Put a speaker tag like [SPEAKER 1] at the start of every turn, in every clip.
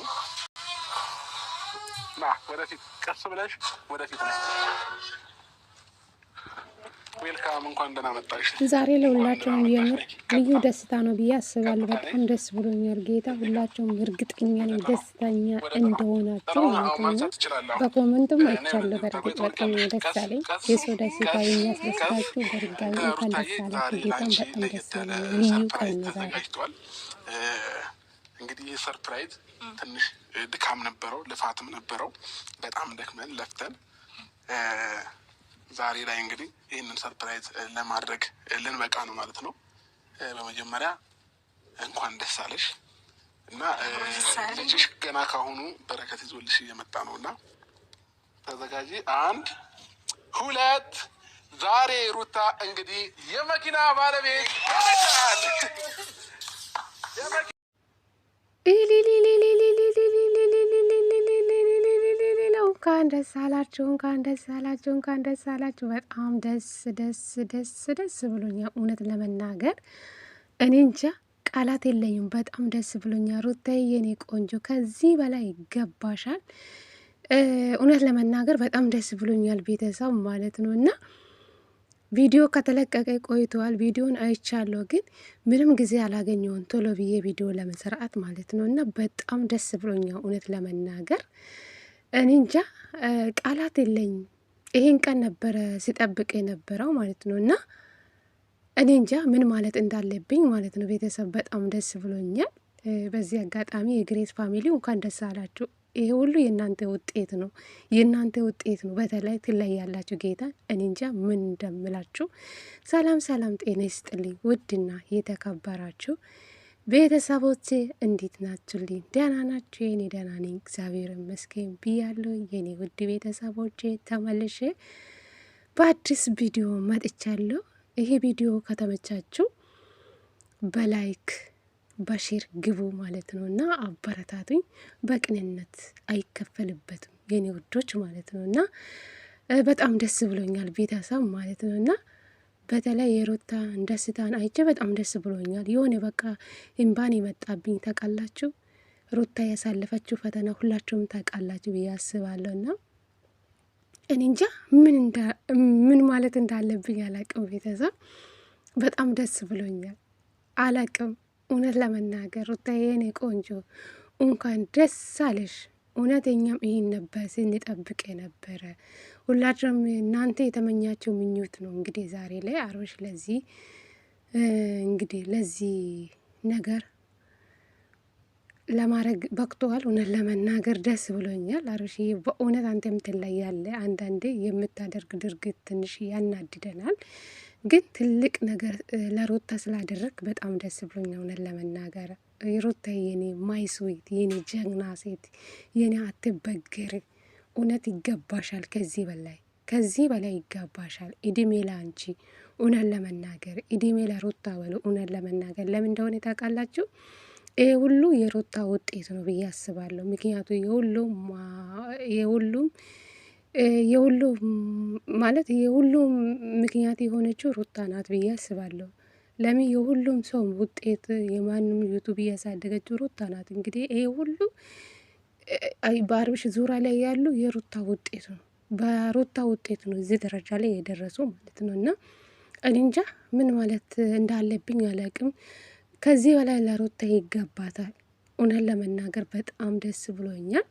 [SPEAKER 1] አለችው። ና ወደፊት ቀስ ብለሽ ወደፊት ዌልካም እንኳን ደህና መጣሽ። ዛሬ ለሁላቸውም የምር ልዩ ደስታ ነው ብዬ አስባለሁ። በጣም ደስ ብሎኛል ጌታ። ሁላቸውም እርግጠኛ ነኝ ደስተኛ እንደሆናቸው
[SPEAKER 2] ማለት ነው። አይቻለሁ። በእርግጥ በጣም ደስ አለኝ። የሰው ደስታ የሚያስደስታችሁ በድጋሚ እንኳን ደስ አላችሁ። በጣም ደስ ልዩ ቀን ነው ዛሬ እንግዲህ ይህ ሰርፕራይዝ ትንሽ ድካም ነበረው፣ ልፋትም ነበረው። በጣም ደክመን ለፍተን ዛሬ ላይ እንግዲህ ይህንን ሰርፕራይዝ ለማድረግ ልንበቃ ነው ማለት ነው። በመጀመሪያ እንኳን ደስ አለሽ እና ልጅሽ ገና ካሁኑ በረከት ይዞልሽ እየመጣ ነው እና ተዘጋጂ። አንድ ሁለት። ዛሬ ሩታ እንግዲህ የመኪና ባለቤት ሆነሻል። እንኳን ደስ አላችሁ፣ እንኳን ደስ አላችሁ፣ እንኳን ደስ አላችሁ። በጣም ደስ ደስ ደስ ደስ ብሎኛ። እውነት ለመናገር እኔ እንጃ ቃላት የለኝም። በጣም ደስ ብሎኛ። ሩታዬ የኔ ቆንጆ ከዚህ በላይ ይገባሻል። እውነት ለመናገር በጣም ደስ ብሎኛል፣ ቤተሰብ ማለት ነው እና ቪዲዮ ከተለቀቀ ቆይተዋል። ቪዲዮን አይቻለሁ፣ ግን ምንም ጊዜ አላገኘውን ቶሎ ብዬ ቪዲዮ ለመስራት ማለት ነው እና በጣም ደስ ብሎኛ እውነት ለመናገር እኔ እንጃ ቃላት የለኝም። ይሄን ቀን ነበረ ሲጠብቅ የነበረው ማለት ነው እና እኔ እንጃ ምን ማለት እንዳለብኝ ማለት ነው። ቤተሰብ በጣም ደስ ብሎኛል። በዚህ አጋጣሚ የግሬስ ፋሚሊ እንኳን ደስ አላችሁ። ይሄ ሁሉ የእናንተ ውጤት ነው፣ የእናንተ ውጤት ነው። በተለይ ትለያላችሁ ጌታ። እኔ እንጃ ምን እንደምላችሁ። ሰላም ሰላም፣ ጤና ይስጥልኝ ውድና የተከበራችሁ ቤተሰቦቼ እንዴት ናችሁልኝ? ደህና ናችሁ? የኔ ደህና ነኝ እግዚአብሔር ይመስገን ብያለሁ። የኔ ውድ ቤተሰቦቼ ተመልሼ በአዲስ ቪዲዮ መጥቻለሁ። ይሄ ቪዲዮ ከተመቻችሁ በላይክ በሼር ግቡ ማለት ነው እና አበረታቱኝ። በቅንነት አይከፈልበትም የኔ ውዶች ማለት ነው እና በጣም ደስ ብሎኛል ቤተሰብ ማለት ነው እና በተለይ የሩታ ደስታን አይቼ በጣም ደስ ብሎኛል። የሆነ በቃ እምባን የመጣብኝ ታውቃላችሁ። ሩታ ያሳለፈችው ፈተና ሁላችሁም ታውቃላችሁ ብዬ አስባለሁ እና እኔ እንጃ ምን ማለት እንዳለብኝ አላቅም። ቤተሰብ በጣም ደስ ብሎኛል። አላቅም እውነት ለመናገር ሩታ የኔ ቆንጆ እንኳን ደስ አለሽ። እውነተኛም ይህን ነበር ስንጠብቅ የነበረ። ሁላችንም እናንተ የተመኛቸው ምኞት ነው። እንግዲህ ዛሬ ላይ አብርሽ ለዚህ እንግዲህ ለዚህ ነገር ለማድረግ በቅተዋል። እውነት ለመናገር ደስ ብሎኛል። አብርሽዬ በእውነት አንተ የምትለያለ አንዳንዴ የምታደርግ ድርጊት ትንሽ ያናድደናል። ግን ትልቅ ነገር ለሩታ ስላደረግ በጣም ደስ ብሎኝ እውነት ለመናገር ሩታ የኔ ስዊት የኔ ጀግና ሴት የኔ አትበገሪ፣ እውነት ይገባሻል። ከዚህ በላይ ከዚህ በላይ ይገባሻል። እድሜ ለአንቺ እውነት ለመናገር እድሜ ለሩታ በሎ እውነት ለመናገር ለምን እንደሆነ ታውቃላችሁ? ይህ ሁሉ የሩታ ውጤት ነው ብዬ አስባለሁ። ምክንያቱ የሁሉም የሁሉ ማለት የሁሉም ምክንያት የሆነችው ሩታ ናት ብዬ አስባለሁ። ለምን የሁሉም ሰው ውጤት የማንም ዩቱብ እያሳደገችው ሩታ ናት። እንግዲህ ይሄ ሁሉ በአብርሽ ዙሪያ ላይ ያሉ የሩታ ውጤት ነው። በሩታ ውጤት ነው እዚህ ደረጃ ላይ የደረሱ ማለት ነው። እና እኔ እንጃ ምን ማለት እንዳለብኝ አላቅም። ከዚህ በላይ ለሩታ ይገባታል። እውነት ለመናገር በጣም ደስ ብሎኛል።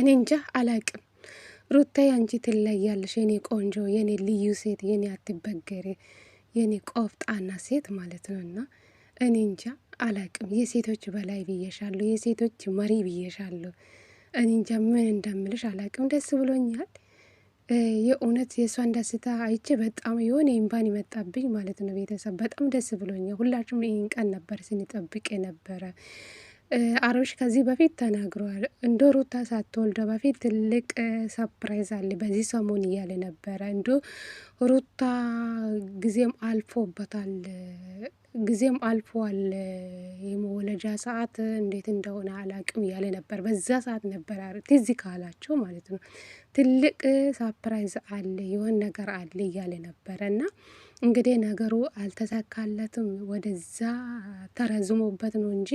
[SPEAKER 2] እኔ እንጃ አላቅም። ሩታ አንቺ ትለያለሽ፣ የኔ ቆንጆ፣ የኔ ልዩ ሴት፣ የኔ አትበገሪ፣ የኔ ቆፍጣና ሴት ማለት ነው። እና እኔ እንጃ አላቅም። የሴቶች በላይ ብዬሻለሁ፣ የሴቶች መሪ ብዬሻለሁ። እኔ እንጃ ምን እንደምልሽ አላቅም። ደስ ብሎኛል የእውነት የእሷን ደስታ አይቼ በጣም የሆነ ይንባን ይመጣብኝ ማለት ነው። ቤተሰብ በጣም ደስ ብሎኛል። ሁላችሁም ይህን ቀን ነበር ስንጠብቅ የነበረ አብርሽ ከዚህ በፊት ተናግሯል። እንዶ ሩታ ሳትወልደ በፊት ትልቅ ሰፕራይዝ አለ በዚህ ሰሞን እያለ ነበረ። እንዶ ሩታ ጊዜም አልፎበታል፣ ጊዜም አልፎዋል፣ የመወለጃ ሰዓት እንዴት እንደሆነ አላቅም እያለ ነበር። በዛ ሰዓት ነበር ትዝ ካላቸው ማለት ነው። ትልቅ ሰፕራይዝ አለ፣ የሆን ነገር አለ እያለ ነበረ እና እንግዲህ ነገሩ አልተሳካለትም። ወደዛ ተረዝሞበት ነው እንጂ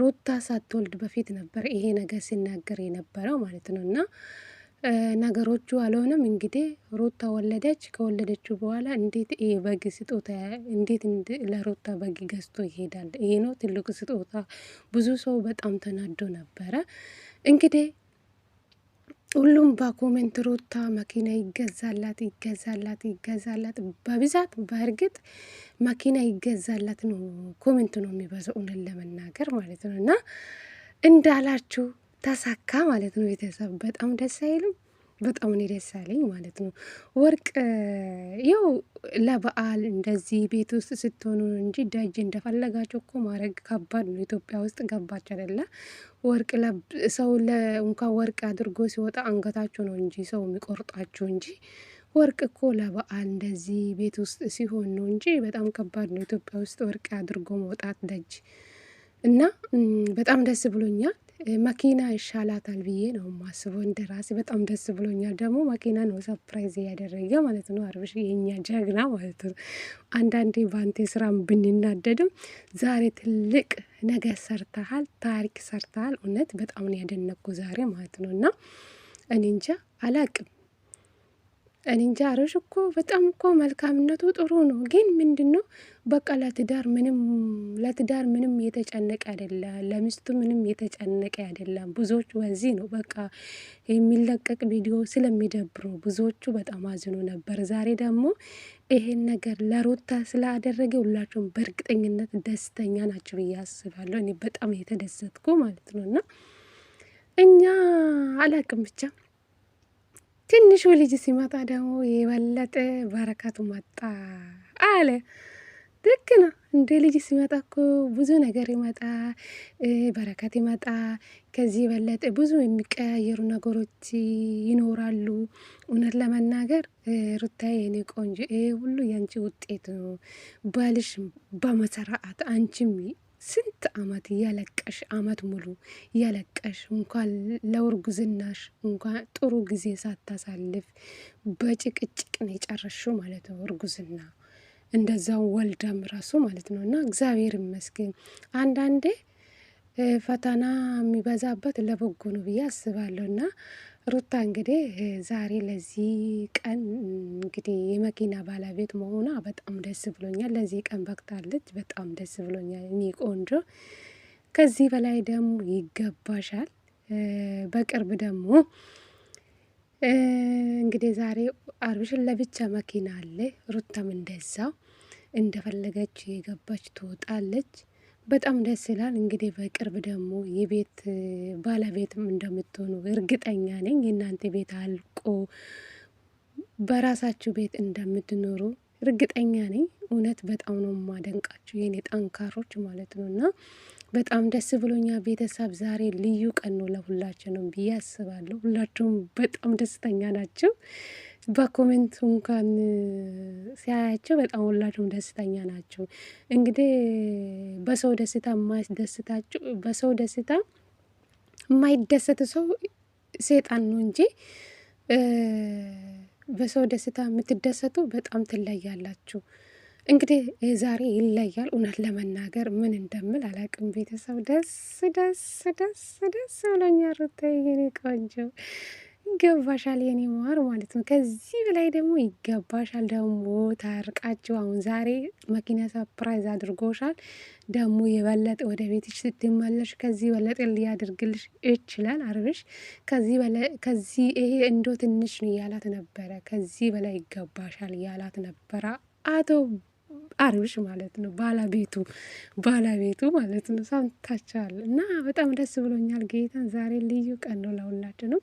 [SPEAKER 2] ሩታ ሳትወልድ በፊት ነበር ይሄ ነገር ሲናገር የነበረው ማለት ነው። እና ነገሮቹ አልሆነም። እንግዲህ ሩታ ወለደች። ከወለደችው በኋላ እንዴት ይሄ በግ ስጦታ እንዴት ለሩታ በግ ገዝቶ ይሄዳል? ይሄ ነው ትልቁ ስጦታ። ብዙ ሰው በጣም ተናዶ ነበረ እንግዲህ ሁሉም በኮሜንት ሩታ መኪና ይገዛላት ይገዛላት ይገዛላት። በብዛት በእርግጥ መኪና ይገዛላት ነው ኮሜንት ነው የሚበዛው፣ እውነት ለመናገር ማለት ነው። እና እንዳላችሁ ተሳካ ማለት ነው ቤተሰብ። በጣም ደስ አይልም? በጣም ኔ ደስ አለኝ ማለት ነው። ወርቅ ያው ለበዓል እንደዚህ ቤት ውስጥ ስትሆኑ እንጂ ደጅ እንደፈለጋቸው እኮ ማድረግ ከባድ ነው። ኢትዮጵያ ውስጥ ገባች አይደለ? ወርቅ ሰው እንኳ ወርቅ አድርጎ ሲወጣ አንገታቸው ነው እንጂ ሰው የሚቆርጣቸው እንጂ ወርቅ እኮ ለበዓል እንደዚህ ቤት ውስጥ ሲሆን ነው እንጂ በጣም ከባድ ነው ኢትዮጵያ ውስጥ ወርቅ አድርጎ መውጣት ደጅ እና በጣም ደስ ብሎኛል። መኪና ይሻላታል ብዬ ነው ማስበው። እንደ ራሴ በጣም ደስ ብሎኛል። ደግሞ መኪና ነው ሰፕራይዝ እያደረገ ማለት ነው። አብርሽ የኛ ጀግና ማለት ነው። አንዳንዴ በአንቴ ስራም ብንናደድም ዛሬ ትልቅ ነገር ሰርተሃል፣ ታሪክ ሰርተሃል። እውነት በጣም ነው ያደነቅኩ ዛሬ ማለት ነው እና እኔ እንጃ አላቅም እኔ እንጃ አብርሽ እኮ በጣም እኮ መልካምነቱ ጥሩ ነው፣ ግን ምንድን ነው በቃ ለትዳር ምንም ለትዳር ምንም የተጨነቀ አይደለም፣ ለሚስቱ ምንም የተጨነቀ አይደለም። ብዙዎቹ በዚህ ነው በቃ የሚለቀቅ ቪዲዮ ስለሚደብሩ ብዙዎቹ በጣም አዝኖ ነበር። ዛሬ ደግሞ ይሄን ነገር ለሩታ ስላደረገ ሁላችሁም በእርግጠኝነት ደስተኛ ናቸው ብዬ አስባለሁ። እኔ በጣም የተደሰትኩ ማለት ነው እና እኛ አላቅም ብቻ ትንሹ ልጅ ሲመጣ ደግሞ የበለጠ በረከቱ መጣ አለ። ልክ ነው። እንደ ልጅ ሲመጣ እኮ ብዙ ነገር ይመጣ፣ በረከት ይመጣ። ከዚህ የበለጠ ብዙ የሚቀያየሩ ነገሮች ይኖራሉ። እውነት ለመናገር ሩታ የኔ ቆንጆ፣ ይሄ ሁሉ የአንቺ ውጤት ነው። ባልሽ በመሰራአት አንቺም ስንት አመት እያለቀሽ አመት ሙሉ እያለቀሽ እንኳን ለውርጉዝናሽ እንኳን ጥሩ ጊዜ ሳታሳልፍ በጭቅጭቅ ነው የጨረሽው ማለት ነው እርጉዝና እንደዛው ወልዳም ራሱ ማለት ነው እና እግዚአብሔር ይመስገን አንዳንዴ ፈተና የሚበዛበት ለበጎ ነው ብዬ አስባለሁ። እና ሩታ እንግዲህ ዛሬ ለዚህ ቀን እንግዲህ የመኪና ባለቤት መሆኗ በጣም ደስ ብሎኛል። ለዚህ ቀን በቅታለች። በጣም ደስ ብሎኛል። እኔ ቆንጆ ከዚህ በላይ ደግሞ ይገባሻል። በቅርብ ደግሞ እንግዲህ ዛሬ አብርሽን ለብቻ መኪና አለ፣ ሩታም እንደዛው እንደፈለገች የገባች ትወጣለች። በጣም ደስ ይላል። እንግዲህ በቅርብ ደግሞ የቤት ባለቤትም እንደምትሆኑ እርግጠኛ ነኝ። የእናንተ ቤት አልቆ በራሳችሁ ቤት እንደምትኖሩ እርግጠኛ ነኝ። እውነት በጣም ነው የማደንቃችሁ የኔ ጠንካሮች ማለት ነው። እና በጣም ደስ ብሎኛ ቤተሰብ ዛሬ ልዩ ቀን ነው ለሁላቸው ነው ብዬ አስባለሁ። ሁላችሁም በጣም ደስተኛ ናቸው። በኮሜንቱ እንኳን ሲያያቸው በጣም ሁላቸውም ደስተኛ ናቸው። እንግዲህ በሰው ደስታ ማስደስታቸው በሰው ደስታ የማይደሰት ሰው ሴጣን ነው እንጂ በሰው ደስታ የምትደሰቱ በጣም ትለያላችሁ። እንግዲህ ዛሬ ይለያል። እውነት ለመናገር ምን እንደምል አላቅም። ቤተሰብ ደስ ደስ ደስ ደስ ብሎኛል። ሩታዬ የኔ ቆንጆ ይገባሻል የኔ ማር ማለት ነው። ከዚህ በላይ ደግሞ ይገባሻል። ደግሞ ታርቃችሁ አሁን ዛሬ መኪና ሰፕራይዝ አድርጎሻል። ደግሞ የበለጠ ወደ ቤትሽ ስትመለሽ ከዚህ በለጠ ሊያደርግልሽ ይችላል። አርብሽ ከዚህ ይሄ እንዶ ትንሽ ነው እያላት ነበረ። ከዚህ በላይ ይገባሻል እያላት ነበረ አቶ አርብሽ ማለት ነው። ባለቤቱ ባለቤቱ ማለት ነው። ሰምታችኋል። እና በጣም ደስ ብሎኛል። ጌታን ዛሬ ልዩ ቀን ነው ለሁላችንም።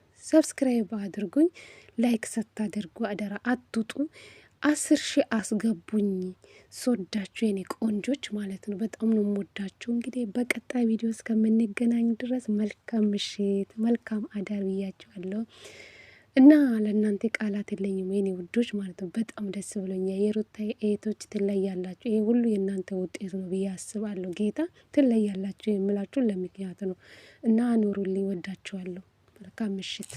[SPEAKER 2] ሰብስክራይብ አድርጉኝ። ላይክ ስታደርጉ አደራ አትጡ። አስር ሺህ አስገቡኝ። ስወዳችሁ የኔ ቆንጆች ማለት ነው። በጣም ነው የምወዳችሁ። እንግዲህ በቀጣይ ቪዲዮ እስከምንገናኝ ድረስ መልካም ምሽት፣ መልካም አዳር ብያችኋለሁ። እና ለእናንተ ቃላት የለኝም የኔ ውዶች ማለት ነው። በጣም ደስ ብሎኛ የሩታ ኤቶች ትለያላችሁ። ይሄ ሁሉ የእናንተ ውጤት ነው ብዬ አስባለሁ። ጌታ ትለያላችሁ የምላችሁ ለምክንያት ነው እና አኖሩልኝ። ወዳችኋለሁ። መልካም ምሽት